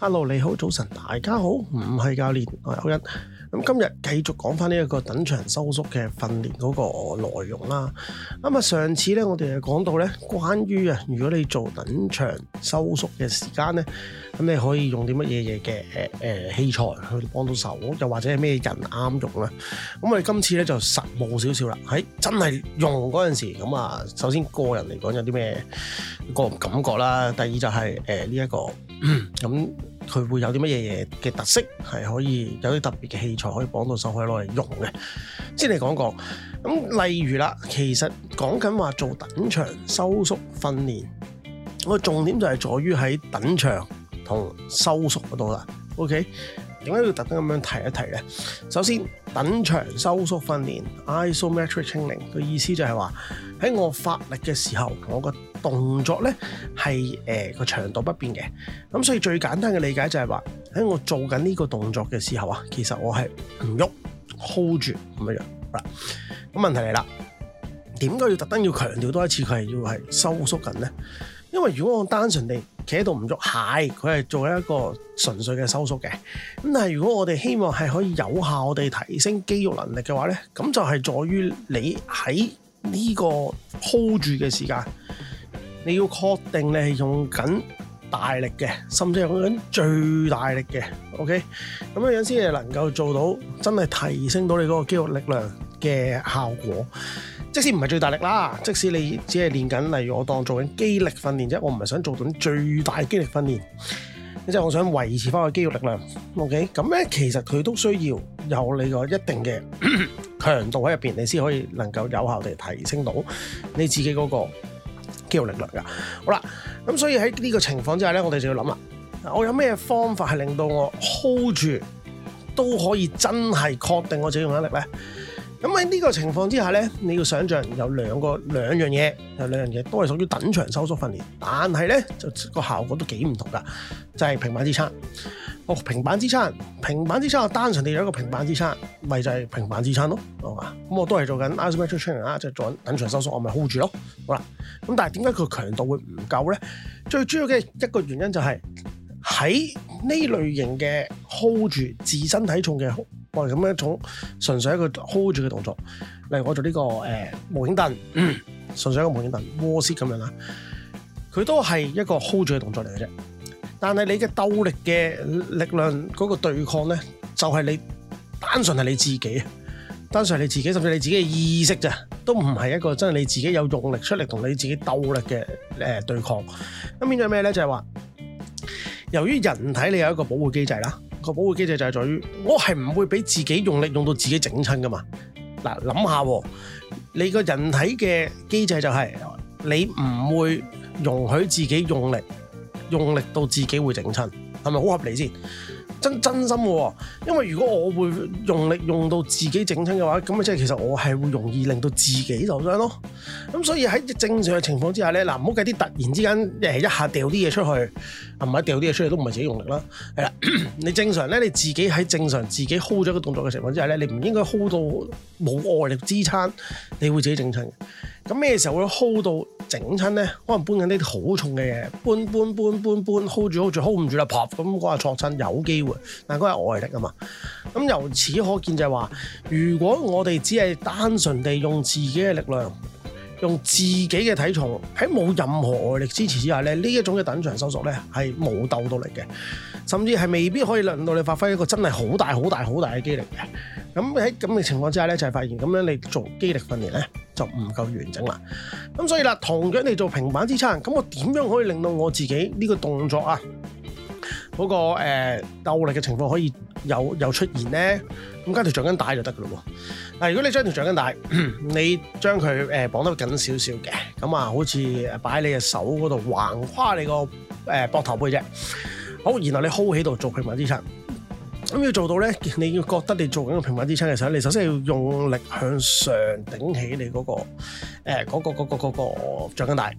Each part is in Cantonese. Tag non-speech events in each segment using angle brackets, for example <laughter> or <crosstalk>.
Hello，你好，早晨，大家好，唔係教練，我係 Owen。咁今日繼續講翻呢一個等長收縮嘅訓練嗰個內容啦。咁啊上次咧，我哋係講到咧，關於啊，如果你做等長收縮嘅時間咧，咁你可以用啲乜嘢嘢嘅誒誒器材去幫到手，又或者係咩人啱用咧？咁我哋今次咧就實務少少啦，喺真係用嗰陣時，咁啊首先個人嚟講有啲咩個感覺啦，第二就係誒呢一個咁。 <coughs> 佢會有啲乜嘢嘅特色，係可以有啲特別嘅器材可以綁到手，可以攞嚟用嘅。先你講講，咁例如啦，其實講緊話做等長收縮訓練，個重點就係在於喺等長同收縮嗰度啦。OK，點解要特登咁樣提一提呢？首先，等長收縮訓練 （isometric training） 嘅意思就係話喺我發力嘅時候，我個動作呢，係誒個長度不變嘅。咁所以最簡單嘅理解就係話喺我做緊呢個動作嘅時候啊，其實我係唔喐 hold 住咁樣樣。咁問題嚟啦，點解要特登要強調多一次佢係要係收縮緊呢？因為如果我單純地企喺度唔喐，係佢係做一個純粹嘅收縮嘅。咁但係如果我哋希望係可以有效地提升肌肉能力嘅話呢，咁就係在於你喺呢個 hold 住嘅時間。你要確定你係用緊大力嘅，甚至用緊最大力嘅，OK？咁樣樣先係能夠做到真係提升到你嗰個肌肉力量嘅效果。即使唔係最大力啦，即使你只係練緊，例如我當做緊肌力訓練啫，我唔係想做緊最大肌力訓練，即係我想維持翻個肌肉力量。OK？咁咧，其實佢都需要有你個一定嘅 <coughs> 強度喺入邊，你先可以能夠有效地提升到你自己嗰個。肌肉力量噶，好啦，咁所以喺呢個情況之下咧，我哋就要諗啦，我有咩方法係令到我 hold 住都可以真係確定我自己用緊力呢？咧？咁喺呢個情況之下咧，你要想象有兩個兩樣嘢，有兩樣嘢都係屬於等長收縮訓練，但係咧就個效果都幾唔同噶，就係平板支撐。哦，平板支撐，平板支撐，我單純地有一個平板支撐，咪就係平板支撐咯，係嘛？咁我都係做緊 isometric training 啦，就做緊等長收縮，我咪 hold 住咯。好啦，咁但係點解佢強度會唔夠咧？最主要嘅一個原因就係。喺呢類型嘅 hold 住自身體重嘅，我係咁一種，純粹一個 hold 住嘅動作。例如我做呢、這個誒無影凳，純、呃嗯、粹一個無影凳，wall sit 咁樣啦，佢都係一個 hold 住嘅動作嚟嘅啫。但係你嘅鬥力嘅力量嗰個對抗咧，就係、是、你單純係你自己，單純係你自己，甚至你自己嘅意識啫，都唔係一個真係你自己有用力出嚟同你自己鬥力嘅誒、呃、對抗。咁變咗咩咧？就係、是、話。由於人體你有一個保護機制啦，個保護機制就係在於我係唔會俾自己用力用到自己整親噶嘛。嗱，諗下你個人體嘅機制就係你唔會容許自己用力，用力到自己會整親，係咪好合理先？真真心喎，因為如果我會用力用到自己整親嘅話，咁即係其實我係會容易令到自己受傷咯。咁所以喺正常嘅情況之下呢，嗱唔好計啲突然之間一下掉啲嘢出去，唔係，掉啲嘢出去都唔係自己用力啦。係啦， <coughs> 你正常呢，你自己喺正常自己 hold 咗個動作嘅情況之下呢，你唔應該 hold 到冇外力支撐，你會自己整親。咁咩時候會 hold 到？整親咧，可能搬緊啲好重嘅嘢，搬搬搬搬搬，hold 住 hold 住，hold 唔住啦 pop 咁嗰下挫親，有機會，但嗰個係外力啊嘛。咁由此可見就係話，如果我哋只係單純地用自己嘅力量，用自己嘅體重喺冇任何外力支持之下咧，呢一種嘅等長收縮咧係冇鬥到力嘅，甚至係未必可以令到你發揮一個真係好大好大好大嘅肌力嘅。咁喺咁嘅情況之下咧，就係發現咁樣你做肌力訓練咧，就唔夠完整啦。咁所以啦，同樣你做平板支撐，咁我點樣可以令到我自己呢個動作啊，嗰、那個誒、呃、鬥力嘅情況可以又又出現咧？咁加條橡筋帶就得噶咯。嗱，如果你將條橡筋帶你將佢誒綁得緊少少嘅，咁啊，好似擺喺你隻手嗰度橫跨你個誒膊頭背啫。好，然後你 hold 起度做平板支撐。咁要做到呢，你要覺得你做緊個平板支撐嘅時候，你首先要用力向上頂起你嗰個誒嗰個嗰個嗰個掌根帶。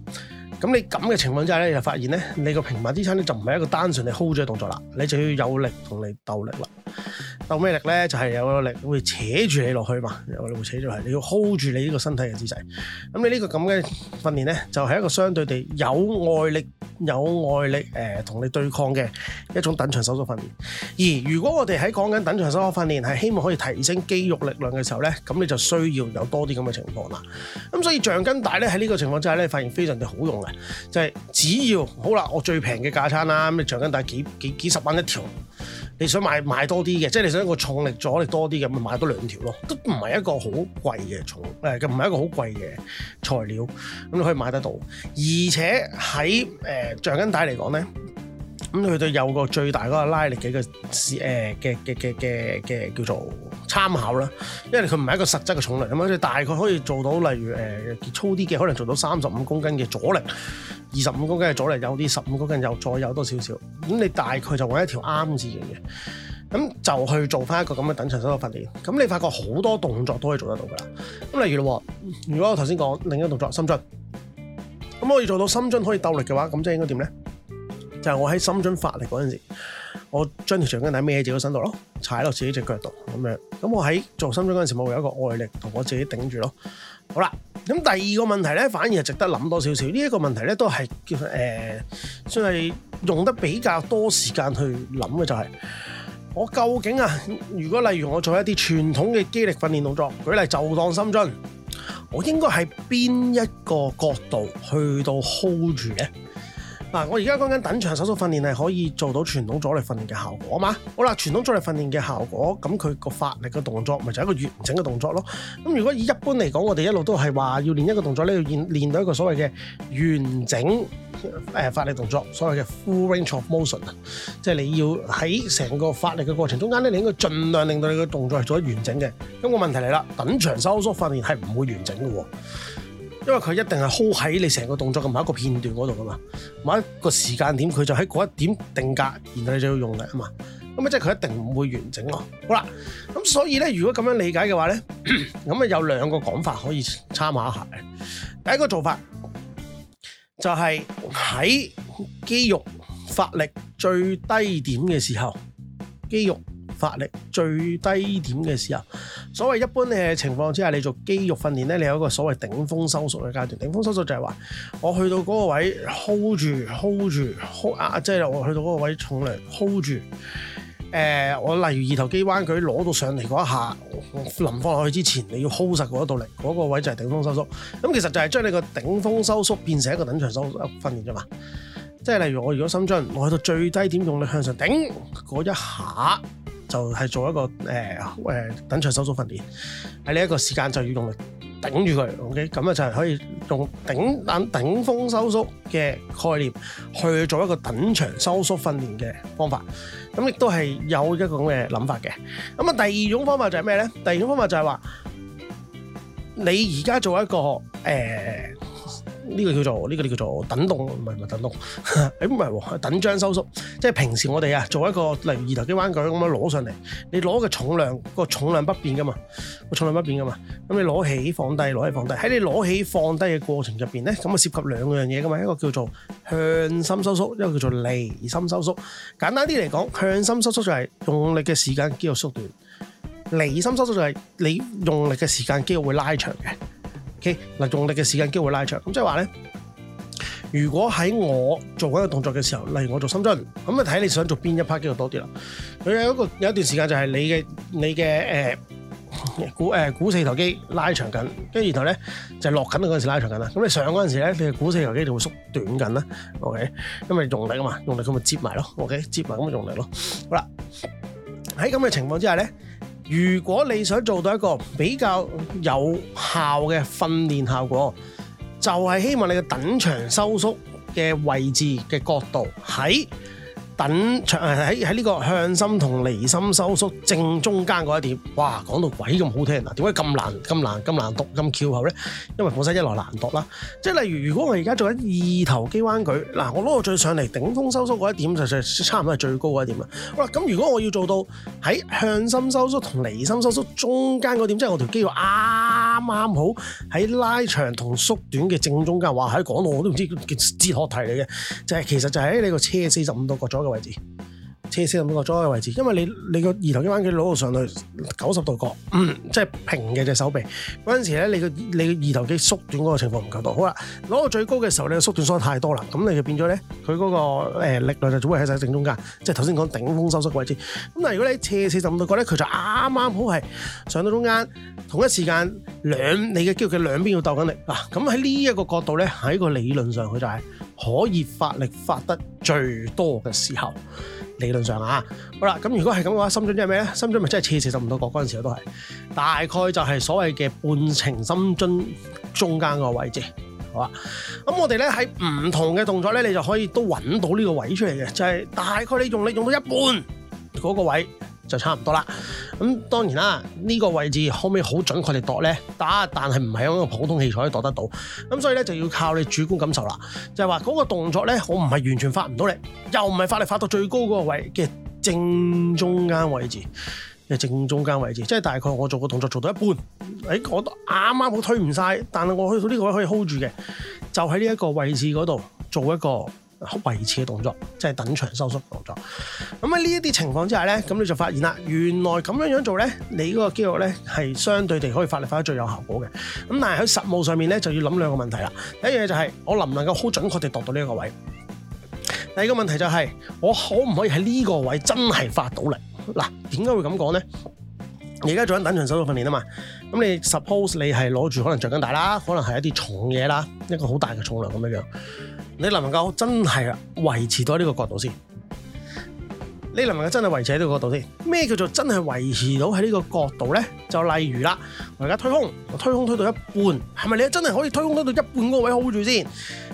咁你咁嘅情況之下咧，你就發現呢，你個平板支撐呢就唔係一個單純你 hold 咗嘅動作啦，你就要有力同你鬥力啦。鬥咩力咧？就係、是、有個力會扯住你落去嘛，有個力會扯住係你，你要 hold 住你呢個身體嘅姿勢。咁你呢個咁嘅訓練咧，就係、是、一個相對地有外力、有外力同、呃、你對抗嘅一種等長收縮訓練。而如果我哋喺講緊等長收縮訓練，係希望可以提升肌肉力量嘅時候咧，咁你就需要有多啲咁嘅情況啦。咁所以橡筋帶咧，喺呢個情況之下咧，發現非常之好用嘅，就係、是、只要好啦，我最平嘅價錢啦，咁橡筋帶幾，幾，幾十蚊一條，你想買，買多啲嘅，即係你想。一個重力阻力多啲嘅，咪買多兩條咯，都唔係一個好貴嘅重，誒、呃，唔係一個好貴嘅材料，咁、嗯、你可以買得到。而且喺誒、呃、橡筋帶嚟講咧，咁、嗯、佢對有一個最大嗰個拉力嘅個，誒嘅嘅嘅嘅嘅叫做參考啦，因為佢唔係一個實質嘅重量咁嘛，即、嗯、大概可以做到，例如誒、呃、粗啲嘅可能做到三十五公斤嘅阻力，二十五公斤嘅阻力有啲，十五公斤又再有多少少，咁、嗯、你大概就搵一條啱字嘅咁就去做翻一個咁嘅等長收縮訓練，咁你發覺好多動作都可以做得到噶啦。咁例如咯，如果我頭先講另一個動作深蹲，咁我要做到深蹲可以鬥力嘅話，咁即係應該點咧？就係我喺深蹲發力嗰陣時，我將條長筋係孭住個身度咯，踩落自己隻腳度咁樣。咁我喺做深蹲嗰陣時，我會有一個外力同我自己頂住咯。好啦，咁第二個問題咧，反而係值得諗多少少。呢、這、一個問題咧，都係叫誒，即、呃、係用得比較多時間去諗嘅就係、是。我究竟呀？如果例如我做一啲傳統嘅肌力訓練動作，舉例就當深蹲，我應該喺邊一個角度去到 hold 住呢？嗱、啊，我而家講緊等長收縮訓練係可以做到傳統阻力訓練嘅效果嘛。好啦，傳統阻力訓練嘅效果，咁佢個發力嘅動作咪就係一個完整嘅動作咯。咁如果一般嚟講，我哋一路都係話要練一個動作咧，你要練到一個所謂嘅完整誒、呃、發力動作，所謂嘅 full range of motion。即係你要喺成個發力嘅過程中間咧，你應該盡量令到你嘅動作係做得完整嘅。咁、那個問題嚟啦，等長收縮訓練係唔會完整嘅。因為佢一定係 hold 喺你成個動作嘅某一個片段嗰度噶嘛，某一個時間點佢就喺嗰一點定格，然後你就要用力啊嘛。咁啊，即係佢一定唔會完整咯、啊。好啦，咁所以咧，如果咁樣理解嘅話咧，咁啊有兩個講法可以參考一下嘅。第一個做法就係喺肌肉發力最低點嘅時候，肌肉發力最低點嘅時候。所謂一般嘅情況之下，你做肌肉訓練咧，你有一個所謂頂峰收縮嘅階段。頂峰收縮就係話，我去到嗰個位 hold 住，hold 住，hold 啊，即係我去到嗰個位重量 hold 住。誒、呃，我例如二頭肌彎舉攞到上嚟嗰一下，我臨放落去之前你要 hold 實嗰度力，嗰、那個位就係頂峰收縮。咁、嗯、其實就係將你個頂峰收縮變成一個等長收縮訓練啫嘛。即係例如我如果深蹲，我去到最低點用力向上頂嗰一下。就係、是、做一個誒誒、呃、等長收縮訓練，喺呢一個時間就要用嚟頂住佢 OK，咁啊就係可以用頂頂頂峰收縮嘅概念去做一個等長收縮訓練嘅方法，咁亦都係有一種嘅諗法嘅。咁啊第二種方法就係咩咧？第二種方法就係、是、話你而家做一個誒。呃呢個叫做，呢個叫做等動，唔係唔係等動？誒唔係等張、 <laughs> 哎、收縮。即係平時我哋啊，做一個例如二頭肌彎舉咁樣攞上嚟，你攞嘅重量、個重量不變噶嘛？個重量不變噶嘛？咁你攞起放低，攞起放低，喺你攞起放低嘅過程入邊咧，咁啊涉及兩樣嘢噶嘛？一個叫做向心收縮，一個叫做離心收縮。簡單啲嚟講，向心收縮就係用力嘅時間肌肉縮短，離心收縮就係你用力嘅時間肌肉會拉長嘅。嗱、okay，用力嘅時間機會拉長，咁即係話咧，如果喺我做嗰個動作嘅時候，例如我做深蹲，咁啊睇你想做邊一 part 機會多啲啦。佢有一個有一段時間就係你嘅你嘅誒股誒股四頭肌拉長緊，跟住然後咧就係落緊嗰陣時拉長緊啦。咁你上嗰陣時咧，你嘅股四頭肌就會縮短緊啦。OK，咁咪用力啊嘛，用力咁咪接埋咯。OK，接埋咁咪用力咯。好啦，喺咁嘅情況之下咧。如果你想做到一個比較有效嘅訓練效果，就係希望你嘅等長收縮嘅位置嘅角度喺等長喺喺呢個向心同離心收縮正中間嗰一點，哇！講到鬼咁好聽嗱、啊，點解咁難咁難咁難讀咁拗口咧？因為本身一來難讀啦，即係例如如果我而家做緊二頭肌彎舉，嗱、啊，我攞個最上嚟頂峰收縮嗰一點就就差唔多係最高嗰一點啦。好啦，咁如果我要做到喺向心收縮同離心收縮中間嗰點，即係我條肌肉啊～啱啱好喺拉長同縮短嘅正中間，話，喺講到我都唔知叫哲學題嚟嘅，就係、係、其實就喺你個車四十五度角左嘅位置。斜四十五度左右位置，因為你你個二頭肌彎曲攞到上去九十度角，嗯，即係平嘅隻手臂嗰陣時咧，你個你個二頭肌縮短嗰個情況唔夠多。好啦，攞到最高嘅時候咧，縮短縮得太多啦，咁你就變咗咧，佢嗰個誒力量就總會喺曬正中間。即係頭先講頂峰收縮位置。咁但係如果你斜四十五度角咧，佢就啱啱好係上到中間，同一時間兩你嘅肌肉嘅兩邊要鬥緊力嗱。咁喺呢一個角度咧，喺個理論上佢就係可以發力發得最多嘅時候。理論上啊，好啦，咁如果係咁嘅話，深蹲即係咩咧？深蹲咪即係切四十唔多角嗰陣時都係，大概就係所謂嘅半程深蹲中間個位置，好啊。咁我哋咧喺唔同嘅動作咧，你就可以都揾到呢個位出嚟嘅，就係大概你用你用到一半嗰個位。就差唔多啦，咁當然啦，呢個位置可唔可以好準確地度咧打，但係唔係用一個普通器材可以度得到，咁所以咧就要靠你主觀感受啦。就係話嗰個動作咧，我唔係完全發唔到力，又唔係發力發到最高嗰個位嘅正中間位置，嘅正中間位置，即係大概我做個動作做到一半，誒，我都啱啱好推唔晒。但係我去到呢個位可以 hold 住嘅，就喺呢一個位置嗰度做一個。好維持嘅動作，即係等長收縮動作。咁喺呢一啲情況之下咧，咁你就發現啦，原來咁樣樣做咧，你嗰個肌肉咧係相對地可以發力發得最有效果嘅。咁但係喺實務上面咧，就要諗兩個問題啦。第一樣嘢就係、是、我能唔能夠好準確地度到呢一個位。第二個問題就係、是、我可唔可以喺呢個位真係發到力？嗱，點解會咁講咧？而家做緊等長收縮訓練啊嘛。咁你 suppose 你係攞住可能着緊大啦，可能係一啲重嘢啦，一個好大嘅重量咁樣樣。你能唔能夠真係維持到呢個角度先？你能唔能夠真係維持喺呢個角度先？咩叫做真係維持到喺呢個角度咧？就例如啦，我而家推胸，我推胸推到一半，係咪你真係可以推胸推到一半嗰個位 hold 住先？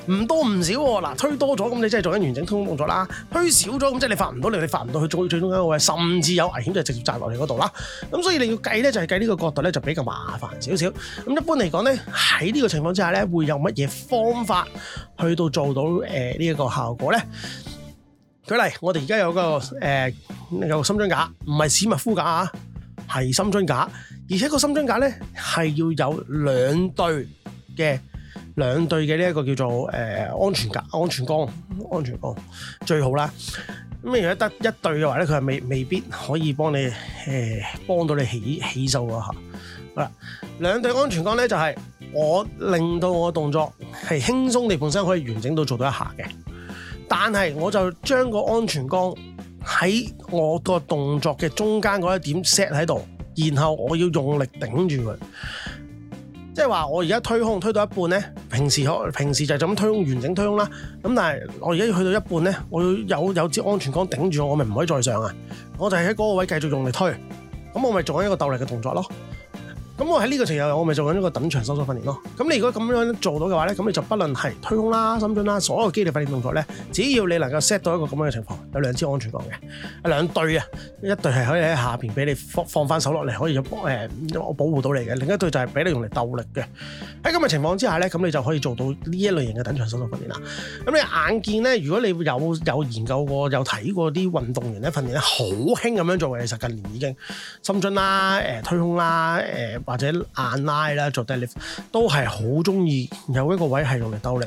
唔多唔少喎、啊，嗱，推多咗，咁你即係做緊完整推空動作啦，推少咗，咁即係你發唔到，你你發唔到去最最中間嗰位，甚至有危險就係、直接砸落嚟嗰度啦。咁所以你要計咧，就係、係、計呢個角度咧就比較麻煩少少。咁一般嚟講咧，喺呢個情況之下咧，會有乜嘢方法去到做到誒呢一個效果咧？舉例我們現在，我哋而家有個誒有深樽架，唔係史密夫架啊，係深樽架，而且個深樽架咧係要有兩對嘅。兩對嘅呢一個叫做誒安全架、安全桿、安全桿、哦、最好啦。咁如果得一對嘅話咧，佢係未未必可以幫你誒幫、呃、到你起起手嗰一下。好啦，兩對安全桿咧就係、是、我令到我嘅動作係輕鬆地本身可以完整到做到一下嘅，但係我就將個安全桿喺我個動作嘅中間嗰一點 set 喺度，然後我要用力頂住佢。即係話我而家推胸推到一半呢，平時平時就係咁推胸完整推胸啦。咁但係我而家去到一半呢，我要有有一支安全桿頂住我，我咪唔可以再上啊？我就係喺嗰個位置繼續用力推，咁我咪做一個鬥力嘅動作咯。咁我喺呢個情況，我咪做緊一個等長收縮訓練咯。咁你如果咁樣做到嘅話咧，咁你就不論係推胸啦、深蹲啦，所有肌力訓練動作咧，只要你能夠 set 到一個咁樣嘅情況，有兩支安全槓嘅，兩對啊，一對係可以喺下面俾你放放翻手落嚟，可以就我、呃、保護到你嘅，另一對就係俾你用嚟鬥力嘅。喺咁嘅情況之下咧，咁你就可以做到呢一類型嘅等長收縮訓練啦。咁你眼見咧，如果你有有研究過、有睇過啲運動員咧訓練咧，好興咁樣做嘅，其實近年已經深蹲啦、推胸啦、呃或者硬拉啦，做 deadlift 都係好鍾意有一個位係用嚟兜力，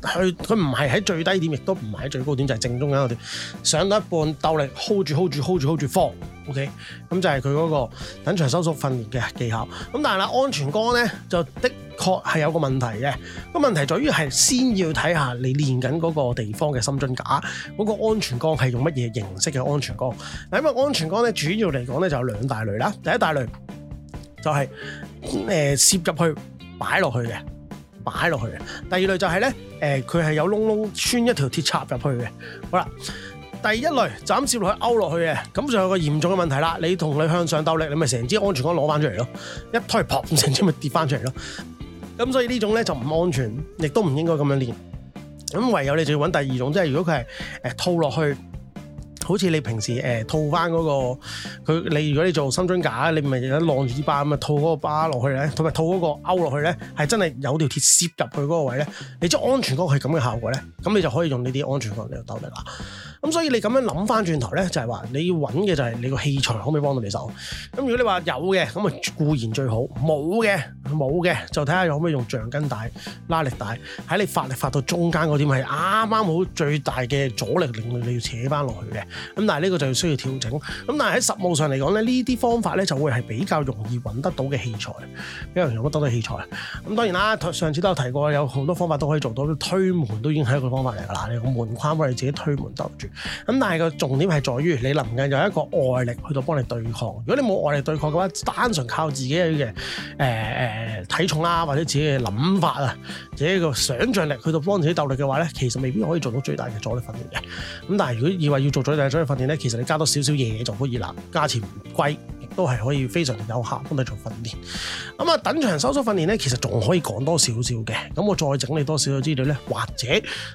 佢佢唔係喺最低點，亦都唔係喺最高點，就係、是、正中間嗰段。上到一半兜力 hold 住 hold 住 hold 住 hold 住放，ok，okay？咁就係佢嗰個等長收縮訓練嘅技巧。咁但係啦，安全槓咧就的確係有個問題嘅。個問題在於係先要睇下你練緊嗰個地方嘅深蹲架嗰、那個安全槓係用乜嘢形式嘅安全槓。因為，安全槓咧主要嚟講咧就有兩大類啦，第一大類。就係誒，攝入去擺落去嘅，擺落去嘅。第二類就係咧，誒，佢係有窿窿穿一條鐵插入去嘅。好啦，第一類就咁攝落去勾落去嘅，咁就有個嚴重嘅問題啦。你同佢向上鬥力，你咪成支安全桿攞翻出嚟咯，一推撲成支咪跌翻出嚟咯。咁所以呢種咧就唔安全，亦都唔應該咁樣練。咁唯有你就要揾第二種，即係如果佢係誒套落去。好似你平時、呃、套翻嗰、嗰個佢，你如果你做深蹲架，你咪攞浪子巴咁啊套嗰個巴落去咧，同埋套嗰個勾落去咧，係真係有條鐵攝入去嗰個位咧，你即係安全桿係咁嘅效果咧，咁你就可以用呢啲安全角嚟到鬥力啦。咁所以你咁樣諗翻轉頭咧，就係、是、話你要揾嘅就係你個器材可唔可以幫到你手。咁如果你話有嘅，咁啊固然最好；冇嘅，冇嘅就睇下你可唔可以用橡筋帶、拉力帶喺你發力發到中間嗰點係啱啱好最大嘅阻力，令你你要扯翻落去嘅。咁但係呢個就需要調整。咁但係喺實務上嚟講咧，呢啲方法咧就會係比較容易揾得到嘅器材，比較容易揾得到嘅器材。咁當然啦，上次都有提過，有好多方法都可以做到，推門都已經係一個方法嚟㗎啦。你個門框幫你自己推門鬥住。咁但係個重點係在於，你能唔能夠有一個外力去到幫你對抗。如果你冇外力對抗嘅話，單純靠自己嘅誒誒體重啊，或者自己嘅諗法啊，自己個想像力去到幫自己鬥力嘅話咧，其實未必可以做到最大嘅阻力訓練嘅。咁但係如果以為要做咗。所以訓練呢其實你加多少少嘢就可以啦，價錢唔貴。都係可以非常有效咁去做訓練。咁啊，等長收縮訓練咧，其實仲可以講多少少嘅。咁我再整理多少少資料咧，或者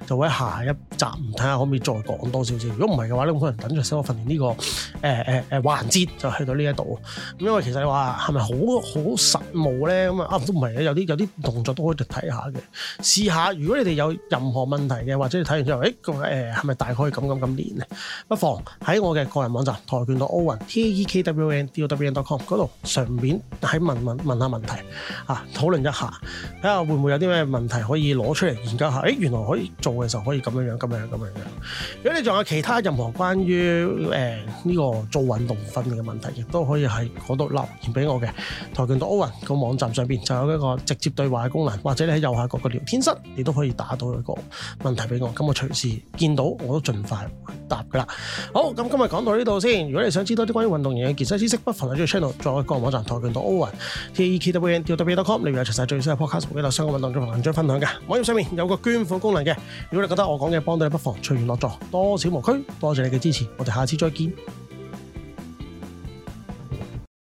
就會喺下一集，唔睇下可唔可以再講多少少？如果唔係嘅話咧，我可能等長收縮訓練呢個誒誒誒環節就去到呢一度。咁因為其實你話係咪好好實務咧？咁啊，啊都唔係，有啲有啲動作都可以睇下嘅，試下。如果你哋有任何問題嘅，或者你睇完之後，誒誒係咪大概咁咁咁練咧？不妨喺我嘅個人網站跆拳道 Owen t e k w n d taekwondowen.com 嗰度，上邊喺，問問問一下問題啊，討論一下，睇下會唔會有啲咩問題可以攞出嚟研究一下？誒、欸，原來可以做嘅時候可以咁樣樣，咁樣樣，咁樣樣。如果你仲有其他任何關於誒呢個做運動訓練嘅問題，亦都可以喺度留言俾我嘅。跆拳道 Owen 個網站上邊就有一個直接對話嘅功能，或者你喺右下角嘅聊天室，你都可以打到一個問題俾我，咁我隨時見到我都盡快。嘅啦，好，咁今日講到呢度先。如果你想知道啲關於運動員嘅健身知識，不妨喺呢個 channel 再去個人網站跆拳道 Owen T E K W N T W dot com，你會有齊晒最新嘅 podcast 同啲相關嘅運動嘅文章分享嘅。網頁上面有個捐款功能嘅。如果你覺得我講嘅幫到你，不妨隨緣樂助，多少唔拘，多謝你嘅支持。我哋下次再見。